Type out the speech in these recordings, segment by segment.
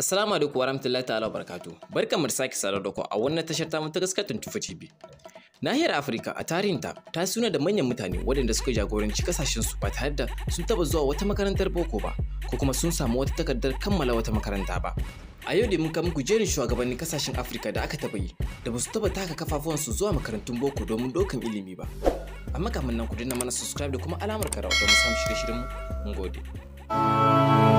Assalamu alaikum warahmatullahi ta'ala barkatu. Barkan mu da sake saduwa da ku a wannan tashar ta ta gaskar tufa cibi. Nahiyar Afirka a tarihin ta ta suna da manyan mutane waɗanda suka jagoranci kasashen su ba tare da sun taba zuwa wata makarantar boko ba ko kuma sun samu wata takardar kammala wata makaranta ba. A yau da kai muku jerin shugabannin kasashen Afirka da aka taba yi da ba su taba taka su zuwa makarantun boko domin dokan ilimi ba. Amma kamin nan ku dinna mana subscribe da kuma alamar karawa don mu samu shirye-shiryen mu. Mun gode.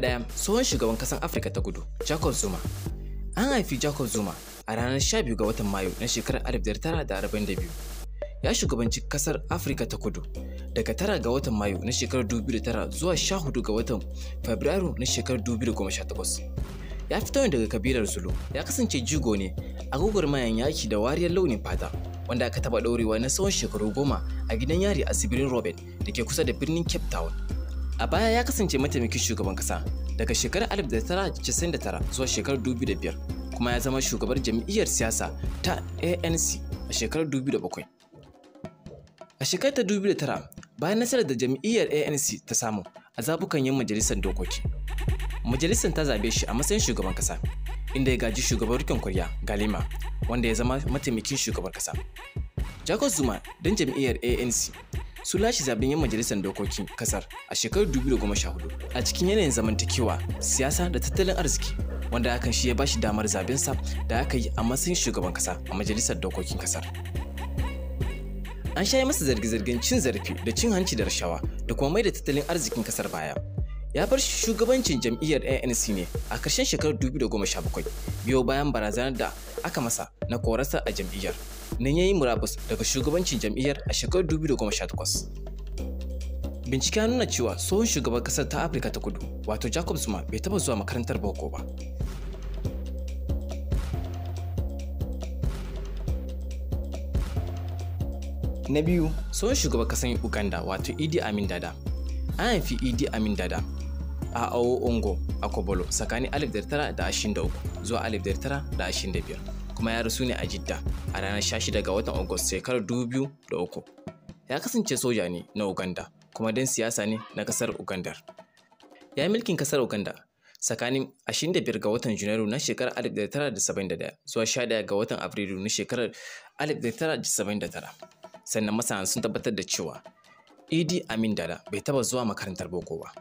Na ɗaya, tsohon shugaban ƙasar Afirka ta Kudu, Jacob Zuma. An haifi Jacob Zuma a ranar 12 ga watan Mayu na shekarar 1942. Ya shugabanci ƙasar Afirka ta Kudu daga 9 ga watan Mayu na shekarar 2009 zuwa 14 ga watan Fabrairu na shekarar 2018. Ya fito ne daga kabilar Zulu, ya kasance jigo ne a gugur mayan yaki da wariyar launin fata. wanda aka taɓa ɗaurewa na tsawon shekaru goma a gidan yari a tsibirin Robert da ke kusa da birnin Cape Town. A baya ya kasance mataimakin shugaban ƙasa daga shekarar 1999 zuwa shekarar 2005 kuma ya zama shugabar jam'iyyar siyasa ta ANC a shekarar 2007. A shekarar ta 2009 bayan nasarar da jam'iyyar ANC ta samu a zabukan yin majalisar dokoki. Majalisar ta zabe shi a matsayin shugaban kasa inda ya gaji shugaban rikon kwarya Galima wanda ya zama mataimakin shugaban kasa. Jacob Zuma don jam'iyyar ANC su lashe zaben yan majalisar dokokin kasar a shekarar 2014 a cikin yanayin zamantakewa siyasa da tattalin arziki wanda hakan shi ya ba shi damar sa da aka yi a matsayin shugaban kasa a majalisar dokokin kasar an shaye masa zargi zargen cin zarafi da cin hanci da rashawa da kuma mai da tattalin arzikin kasar baya ya bar shugabancin jam'iyyar anc ne a ƙarshen shekarar 2017 biyo bayan barazanar da aka masa na korasa a jam'iyyar nan ya yi murabus daga shugabancin jam'iyyar a shekarar 2018. Bincike ya nuna cewa tsohon shugaban ƙasar ta Afirka ta kudu wato Jacob Zuma bai taɓa zuwa makarantar boko ba. Na biyu, tsohon shugaban kasar Uganda wato Idi Amin Dada. An haifi Idi Amin Dada a Awo Ongo a Kobolo tsakanin 1923 zuwa 1925. kuma ya rasu ne a Jidda a ranar 16 ga watan Agusta shekarar 2003. Ya kasance soja ne na Uganda kuma dan siyasa ne na kasar Uganda. Ya yi mulkin kasar Uganda tsakanin 25 ga watan Janairu na shekarar 1971 zuwa 11 ga watan Afrilu na shekarar 1979. Sannan masana sun tabbatar da cewa Idi Amin Dada bai taba zuwa makarantar boko ba.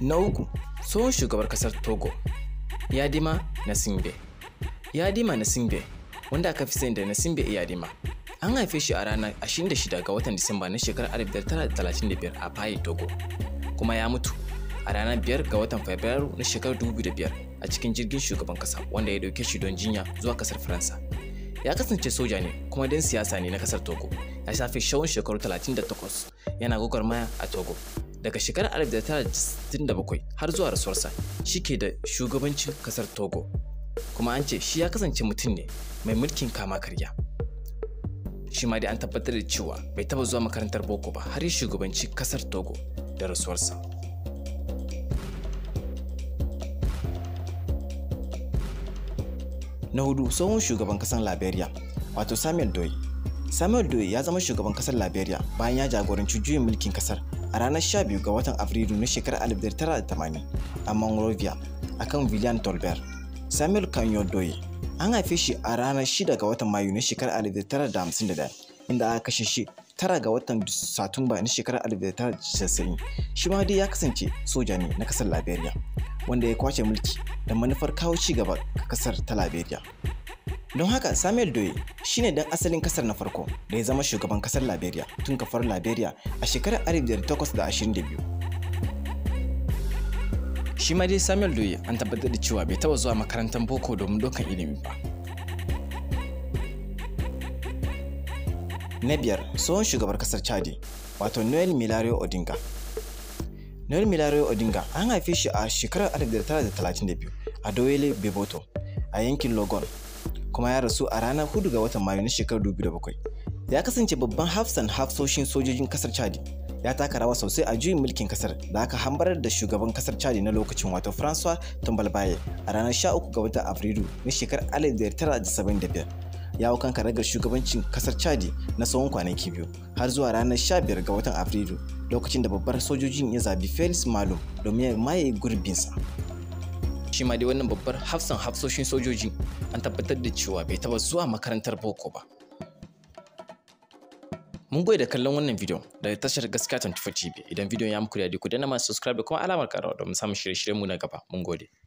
Na uku, tsohon shugabar kasar togo yadima nasimbe yadima nasimbe wanda aka fi sani da nasimbe yadima an haife shi a ranar 26 ga watan disamba na shekarar 1935 a faye togo kuma ya mutu a ranar 5 ga watan fabrairu na shekarar 2005 a cikin jirgin shugaban kasa wanda ya dauke shi don jinya zuwa kasar faransa ya kasance soja ne kuma dan siyasa ne na kasar togo ya shafe shawon shekaru 38 yana gwagwarmaya a togo daga shekarar 1967 har zuwa rasuwarsa shi ke da shugabancin kasar togo kuma an ce shi ya kasance mutum ne mai mulkin kama karya shi ma dai an tabbatar da cewa bai taba zuwa makarantar boko ba har ya shugabanci kasar togo da rasuwarsa na hudu tsohon shugaban kasar liberia wato samuel doyi samuel doyi ya zama shugaban kasar liberia bayan ya jagoranci juyin mulkin kasar a ranar 12 ga watan Afrilu na shekarar 1980 a Monrovia kan William Tolbert. Samuel Kanyo an haife shi a ranar 6 ga watan Mayu na shekarar 1951 inda aka kashe shi tara ga watan Satumba na shekarar 1990 shi ma dai ya kasance soja ne na kasar Liberia wanda ya kwace mulki da manufar kawo ci gaba ga kasar ta Liberia. don haka samuel doye shine dan asalin kasar na farko da ya zama shugaban kasar liberia tun kafar liberia a shekarar 1822 shi ma dai samuel doye an tabbatar da cewa bai taba zuwa makarantar boko domin dokan ilimi ba na biyar tsohon shugabar kasar chadi wato noel milario odinga noel milario odinga an haife shi a shekarar 1932 a doyele beboto a yankin logon kuma ya rasu a ranar 4 ga watan Mayu na shekarar 2007. Ya kasance babban hafsan hafsoshin sojojin kasar Chadi. Ya taka rawa sosai a juyin mulkin kasar da aka hambarar da shugaban kasar Chadi na lokacin wato Francois Tambalbaye a ranar 13 ga watan Afrilu na shekarar 1975. ya hau kanka ragar shugabancin kasar chadi na tsawon kwanaki biyu har zuwa ranar 15 ga watan afrilu lokacin da babbar sojojin ya zabi felix malum domin ya maye gurbinsa shi ma dai wannan babbar hafsan hafsoshin sojoji an tabbatar da cewa bai taba zuwa makarantar boko ba mun goyi da kallon wannan bidiyon daga tashar gaskiya 24 tv idan bidiyon ya muku da ku dana masu subscribe da kuma alamar karawa domin samun shirye-shiryenmu na gaba mun gode